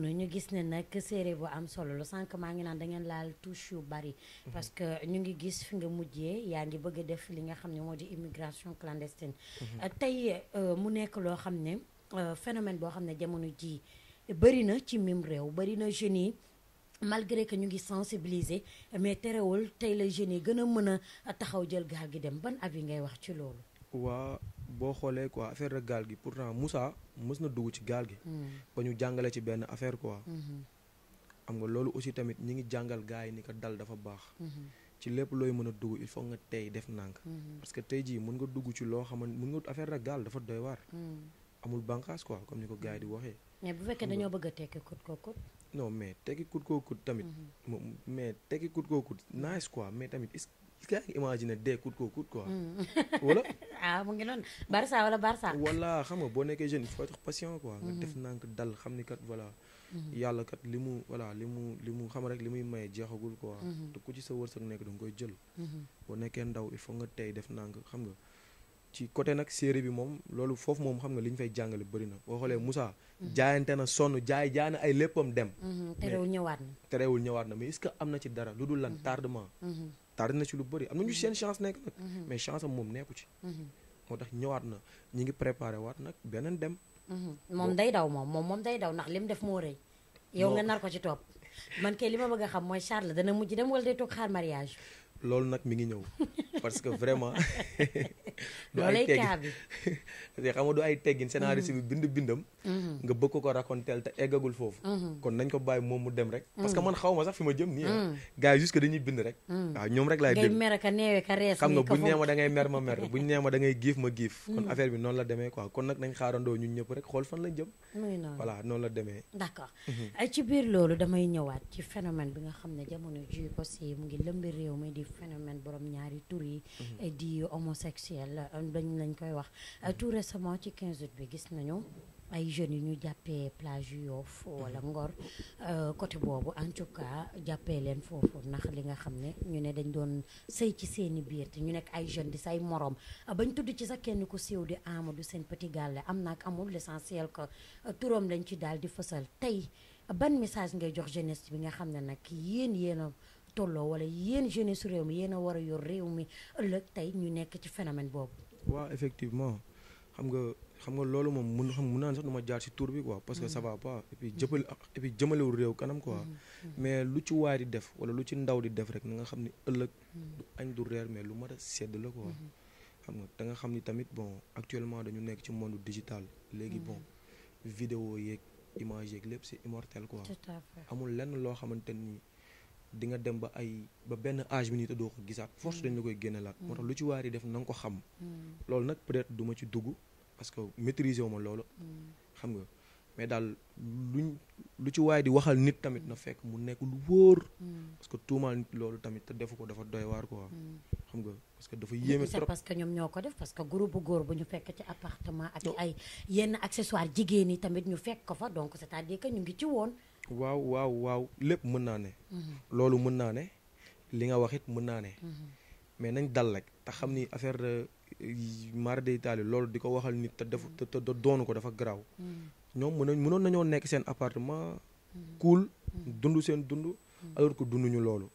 ñu gis ne nag série bu am solo la sànq maa ngi naan da ngeen laal touche yu bari mhm. parce que ñu ngi gis fi nga mujjee yaa ngi bëgg a def li nga xam ne moo di immigration clandestine mhm. euh, tey euh, mu nekk loo xam ne euh, phénomène boo xam ne jamono jii bëri na ci mim réew bëri na jeunes yi malgré que ñu ngi sensibiliser mais terewul tey la jeunes yi gën a mën a taxaw jël gaal gi dem ban avis ngay wax ci loolu boo xoolee quoi affaire rek gaal gi pour pourtant Moussa mës na dugg ci gaal gi. Hmm. ba ñu jàngalee ci benn affaire quoi. xam hmm. nga loolu aussi tamit ñi ngi jàngal gars yi ni ko dal dafa baax. Hmm. ci lépp looy mën a dugg il faut nga tey def nànk. parce que tey jii mën nga dugg ci loo xamante mën nga affaire rek gaal dafa doy waar. amul bànqaas quoi comme ni ko gars yi di waxee. mais bu fekkee dañoo bëgg a tekki kut koo kut. non mais tekki kut koo kut tamit. mais tekki kut koo kut nice quoi mais tamit est-ce que yaa ngi imaginer dee coûte que coûte quoi. Hmm. wala. ah mu ngi noonu Barça wala Barça. voilà xam nga boo nekkee jeune il faut être patient quoi. nga def hmm. nànk dal xam ni kat voilà. Hmm. yàlla kat li mu voilà li mu li mu xam rek li muy maye jeexagul quoi. te ku ci sa wërsëg nekk da nga koy jël. boo nekkee ndaw il faut nga tey def nànk xam nga. ci côté nag série bi moom loolu foofu moom xam nga li ñu fay jàngale bëri na boo xoolee Moussa. jaayante na sonn jaay jaay na ay léppam dem. terewul ñëwaat na terewul ñëwaat na mais est-ce que am tardé na ci lu bëri am na ñu mhm. seen chance nekk nag. Mhm. mais chance am moom nekku ci. Mhm. moo tax ñëwaat na ñu ngi préparé waat nag beneen dem. moom day daw moom moom moom day daw ndax lim def moo rëy. yow nga nar ko ci topp man kay li ma bëgg xam mooy Charles dana mujj dem wala day toog xaar mariage. loolu nag mi ngi ñëw parce que vraiment. du ay teggin loolay xam nga bi mm-hmm. bind bindam. Mm-hmm. nga bëgg ko raconter te eggagul foofu. Mm-hmm. kon nañ ko bàyyi moom mu dem rek. parce que man xaw ma sax fi ma jëm nii ah. gars yi juste dañuy bind rek. waaw ñoom rek laay bind ngay da ngay mer ma giif ma giif. kon affaire bi noonu la demee quoi kon nag nañ xaarandoo ñun ñëpp rek xool fan lañ jëm. muy noonu la demee. d'accord ci biir loolu damay ñëwaat ci phénomène bi nga xam ne jamono jii aussi phénomène borom ñaari tur yi. Mhm. Eh, di homosexuel euh, dañ lañ koy wax euh, mhm. tout récemment ci 15 août bi gis nañu. ay jeunes yu ñu jàppee plage yu Yoff wala mhm. Ngor euh, côté boobu en tout jàppee leen foofu ndax li nga xam ne ñu ne dañ doon sëy ci seeni biir te ñu nekk ay jeunes di say moroom bañ tudd ci sa kenn ku siiw di Amadou Sène Petit Gallé am na ak amul l'essentiel ko turoom lañ ci daal di fësal tey ban message ngay jox jeunesse bi nga xam ne nag yéen yéen tolloo wala yéen jeunes su réew mi yéen a war a yor réew mi ëllëg tey ñu nekk ci phénomène boobu. waaw effectivement xam nga xam nga loolu moom mun xam mun naan sax du ma jaar si tour bi quoi. parce que ça mm-hmm. va pas et puis jëppal et réew kanam quoi. Mm-hmm. Mm-hmm. mais lu ci waay di def wala lu ci ndaw di def rek na nga xam ni ëllëg. du añ du reer mais lu mat a sedd la quoi. xam nga da nga xam ni tamit bon actuellement dañu nekk ci monde digital. léegi bon vidéo yeeg image yeeg lépp si immortel quoi. di nga dem ba ay ba benn âge bi nii te doo ko gisaat force mm. dañ la koy génnelaat. moo tax lu ci waar yi def na ko xam. Mm. loolu nag peut-être du ma ci dugg parce que maîtriser wu ma loolu. Mm. xam nga mais daal lu ñu lu ci waay di waxal nit tamit na fekk mu nekk lu wóor. parce que tuumaal nit loolu tamit te defu ko dafa doy waar quoi. xam nga parce que dafa yéeme trop parce que ñoom ñoo ko def parce que groupe bu góor bu ñu fekk ci appartement. ak ay yenn accessoire jigéen yi tamit ñu fekk ko fa donc cest à ñu ngi ci woon. waaw waaw waaw lépp mën naa ne. Mm-hmm. loolu mën naa ne li nga waxit mën naa ne. Mm-hmm. mais nañ dal rek te xam ni affaire de euh, mare de Italie loolu di ko waxal nit te def te doonu ko dafa garaaw. Mm-hmm. ñoom mën nañ mënoon nañoo nekk seen appartement. cool dund seen dund. alors que dunduñu loolu.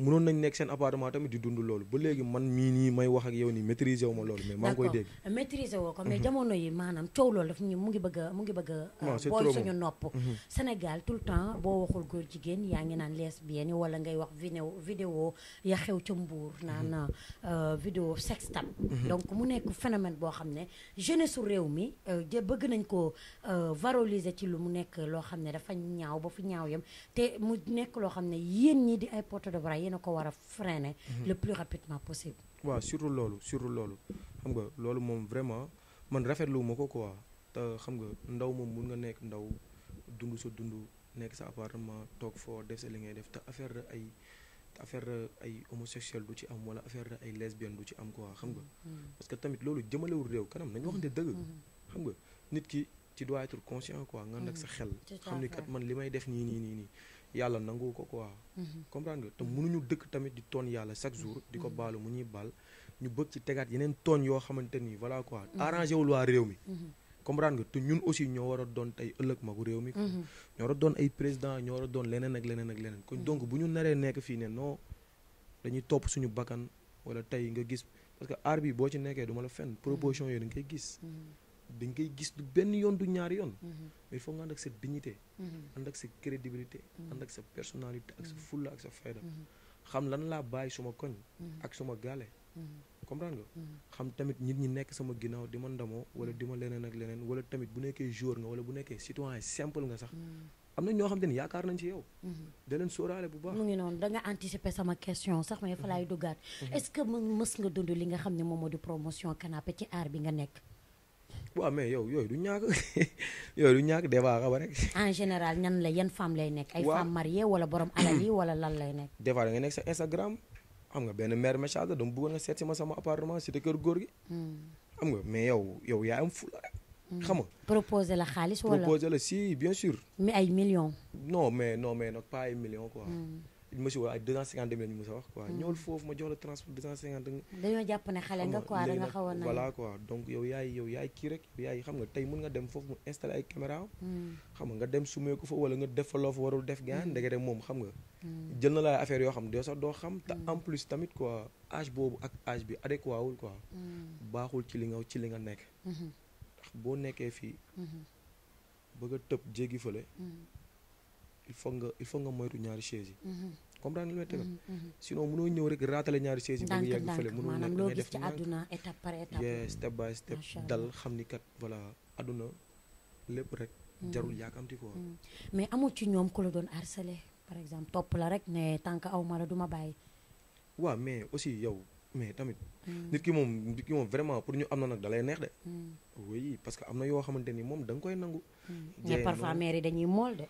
mënoon nañ nekk seen appartement tamit di dund loolu ba léegi man mii nii may wax ak yow nii maîtriser wu ma loolu mais maa ngi koy dégg maîtriser woo ko mais mhm. jamono yi maanaam coow loolu daf ñu mu ngi bëgg a mu ngi bëgg a euh, bool suñu nopp mhm. Sénégal tout le temps boo waxul góor jigéen yaa ngi naan lesbienne wala ngay wax vidéo vidéo ya xew ca mbuur mhm. naan euh, vidéo sextape donc mu nekk phénomène boo xam ne jeunesse su réew mi euh, bëgg nañ ko valoriser ci lu mu nekk loo xam ne dafa ñaaw ba fu ñaaw yam te mu nekk loo xam ne yéen ñi di ay porte de bras yéen a ko war a freiner. Mhm. le plus rapidement possible. waaw surtout loolu surtout loolu xam nga loolu moom vraiment man rafetlu ma ko quoi te xam nga ndaw moom mun nga nekk ndaw dund sa dund nekk sa appartement toog foo def sa li ngay def te affaire de ay affaire ay homosexuel du ci am wala affaire ay lesbienne du ci am quoi xam nga. Mhm. parce que tamit loolu jëmalewul réew kanam nañu waxante dëgg. Mhm. xam nga nit ki ci doit être conscient quoi. nga nag sa xel. xam yàlla nangu ko quoi. Mhm. comprendre nga te mënuñu mhm. dëkk tamit di tooñ yàlla chaque jour di ko mhm. baalu mu ñuy baal ñu bëgg ci tegaat yeneen tooñ yoo xamante ni voilà quoi. arrangé wul waa réew mi. comprendre nga te ñun aussi ñoo war a doon tey ëllëg magu réew mi. ñoo war a doon ay président ñoo war a doon leneen ak leneen ak leneen. kon donc bu ñu naree nekk fii ne non dañuy topp suñu bakkan wala tey nga gis parce que aar bi boo ci nekkee duma la fenn proposition yooyu da gis du benn yoon du ñaari yoon. Mhm. mais foog nga ànd ak sa dignité. Mhm. ànd ak sa crédibilité. Mhm. ànd ak sa personnalité ak sa fulla ak sa fayda. xam lan laa bàyyi suma koñ. ak suma gaale. comprendre nga. xam tamit ma ndamoo wala di ma leneen ak leneen wala tamit bu nekkee joueur nga wala bu nekkee citoyen simple nga sax. am na ñoo xam te ne yaakaar nañ ci yow. da leen sóoraale bu baax. mu ngi noonu da nga anticiper sama question sax mais fa laay duggaat. est-ce que mës nga dund li nga xam ne moom moo di promotion canapé ci aar bi nga nekk. waaw mais yow yooyu du ñàkk yooyu du ñàkk débat xaba rek. en général ñan la yan femme lay nekk. ay femme mariée wala borom alal wala lan lay nekk. des fois sa Instagram xam benn mère message la dama bëggoon a seet ma sama appartement si kër góor gi. Hmm. xam nga mais yow yow am rek. Hmm. xam nga proposer la xaalis wala proposer la si bien sûr. ay millions. no mais non mais nag pas ay millions quoi. Hmm. ñu ma si woo ay 250 000 la ñu a wax quoi. Hmm. ñëwul foofu ma jox la transport 250. dañoo jàpp ne xale nga quoi da nga xawoon na voilà quoi donc yow yaay yow yaay kii rek yow yaay xam nga tey mun nga dem foofu mu installé ay caméra hmm. xam nga def fa loo fa warul def gaan hmm. ndegere moom xam nga. jël na la ay yoo xam doo sax doo xam. te en plus tamit quoi âge boobu ak âge bi adéquat wul quoi. baaxul ci li nga ci li nga nekk. ndax boo nekkee fii. bëgg a tëb jéggi fële. il faut nga il faut nga moytu ñaari chaise yi mhm. comprendre nga li may tamit mhm, mhm. sinon mënoo ñëw rek raatale ñaari chaise yi ba mu yegg fële mënoo nekk loo gis ci àdduna étape par étape yes step by step dal xam ni kat voilà àdduna lépp rek jarul yaakamti quoi mais mais aussi yow mais tamit nit ki moom nit ki moom vraiment pour ñu am na nag dalay neex de oui parce que am na yoo xamante ni moom da koy nangu mais parfois mère yi dañuy mool de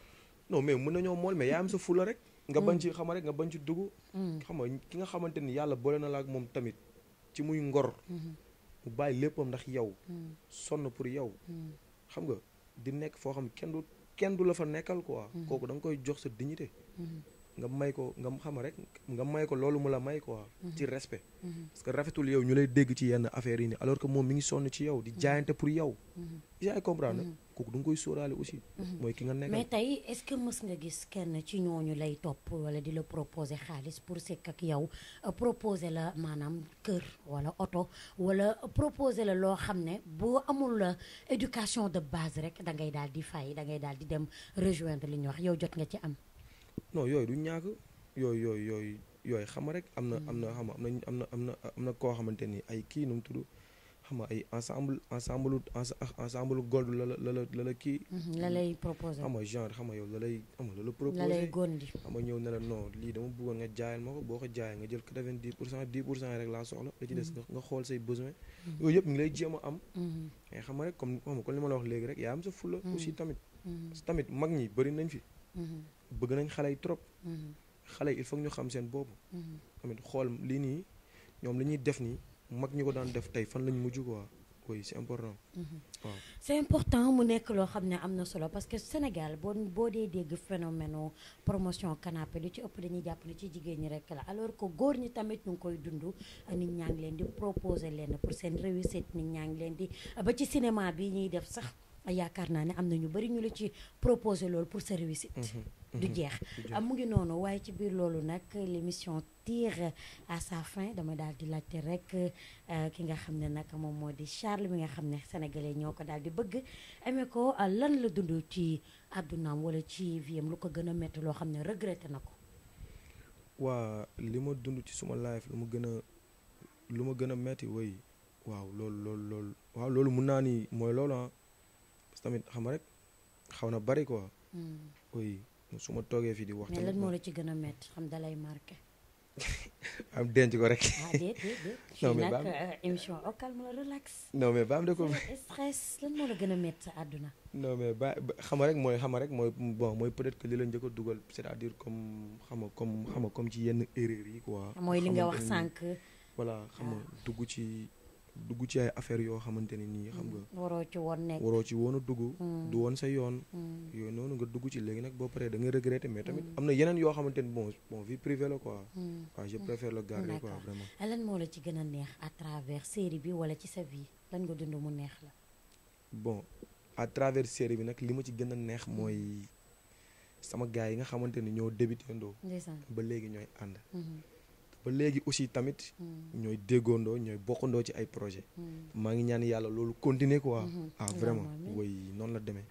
non mais na nañoo mool mais yaa am sa fula rek. nga bañ mm. ci xama rek nga bañ ci dugg. Mm. xam nga ki nga xamante ni yàlla boole na la ak moom tamit ci muy ngor. Mm-hmm. mu bàyyi ndax yow. Mm. sonn pour yow. xam nga di nekk foo xam kenn kenn du la fa nekkal quoi. Mm-hmm. kooku da koy jox sa dignité. Mm-hmm. nga ko nga xam rek nga may ko loolu mu la may quoi. ci respect. parce que rafetul yow ñu ci yenn affaires yi nii alors que moom mi ngi sonn ci yow di jaayante pour yow. yaa ngi comprendre. kooku du nga koy sóoraale aussi. Mhm. mooy ki nga nekk mais tey est mës nga gis kenn ci ñooñu lay topp wala di la proposer xaalis pour sekk ak yow euh, proposer la maanaam kër wala oto wala proposer la loo xam ne boo amul euh, éducation de base rek da dal daal di fay da ngay daal di dem rejoindre li ñu wax yow jot nga ci am. non yooyu du ñàkk yooyu yooyu yooyu yooyu xam rek am na am na xam am na am na am na am na koo xamante ni ay kii nu mu xam nga xam ne ma ko boo ko jaayee nga jël quatre-vingt-dix pour cent dix pour cent rek laa soxla. la ci des mhm. nga xool say besoin mhm. yooyu yëpp ngi lay jéem a am. Mhm. mais xam nga rek comme xam nga kon li ma la wax léegi rek yaa am sa fulla aussi tamit. tamit mag ñi bëri nañ fi. bëgg nañ xale yi trop. xale yi il faut ñu xam seen bopp. tamit xool lii nii ñoom li def nii. mag ñi ko daan def tey fan lañ mujj quoi oui c'est important. Mm-hmm. waaw c'est important mu nekk loo xam ne am na solo parce que Sénégal boo boo dee dégg phénomène promotion canapé lu ci ëpp dañuy jàpp ne ci jigéen ñi rek la alors ko góor ñi tamit ñu koy dundu nit ñaa ngi leen di proposer leen pour seen réussite nit ñaa ngi leen di ba ci cinéma bi ñuy def sax. yaakaar naa ne am na ñu bëri ñu la ci proposé loolu pour sa réussite. Mhm, mhm, du jeex ah, mu ngi noonu waaye ci biir loolu nag l'émission tire à sa fin dama daal di laajte rek euh, ki nga xam ne nag moom moo di Charles mi nga xam ne sénégalais ñoo ko daal di bëgg amee ko lan la dund ci àddunaam walla ci viam lu ko gën a métti loo xam ne regretté na ko. waa li ma dund ci suma life lu ma gën a lu ma gën a métti way waaw loolu loolu mun naa ni mooy loolu ah. parce que tamit xam nga rek xaw na bari quoi. Hmm. oui su ma toogee fii di wax. mais lan moo la ci gën a métti xam dalay marqué. am denc ko rek. ah déedéet non mais baam euh, émission au oh, calme la relax. non mais baam de ko. stress lan moo la gën a métti sa àdduna. non mais ba xama rek mooy xama rek mooy bon mooy peut-être que li la njëkk a dugal c'est-à-dire comme xama comme xama comme ci yenn erreur yi quoi. mooy li nga wax sànq. voilà xama ah. dugg ci. dugg ci ay affaire yoo xamante ni nii xam nga. Mm, waroo ci woon nekk waroo ci woon a dugg. Mm. du woon sa yoon. Mm. yooyu noonu nga dugg ci léegi nag boo paree da nga regretter mais tamit am na yeneen yoo xamante ni bon bon vie privé la quoi. waaw je préfère le garder quoi vraiment. Ah, lan moo la ci gën a neex à série bi wala ci sa vie lan nga dund mu neex la. bon à travers série bi nag li ma ci gën a neex mooy sama gars yi nga xamante ni ñoo débuté ndoo. ba léegi ñooy ànd. Mm-hmm. ba léegi aussi tamit. Hmm. ñooy déggoondoo ñooy bokkandoo ci ay projet hmm. maa ngi ñaan yàlla loolu continuer quoi. Hmm. a ah, vraiment oui noonu la demee.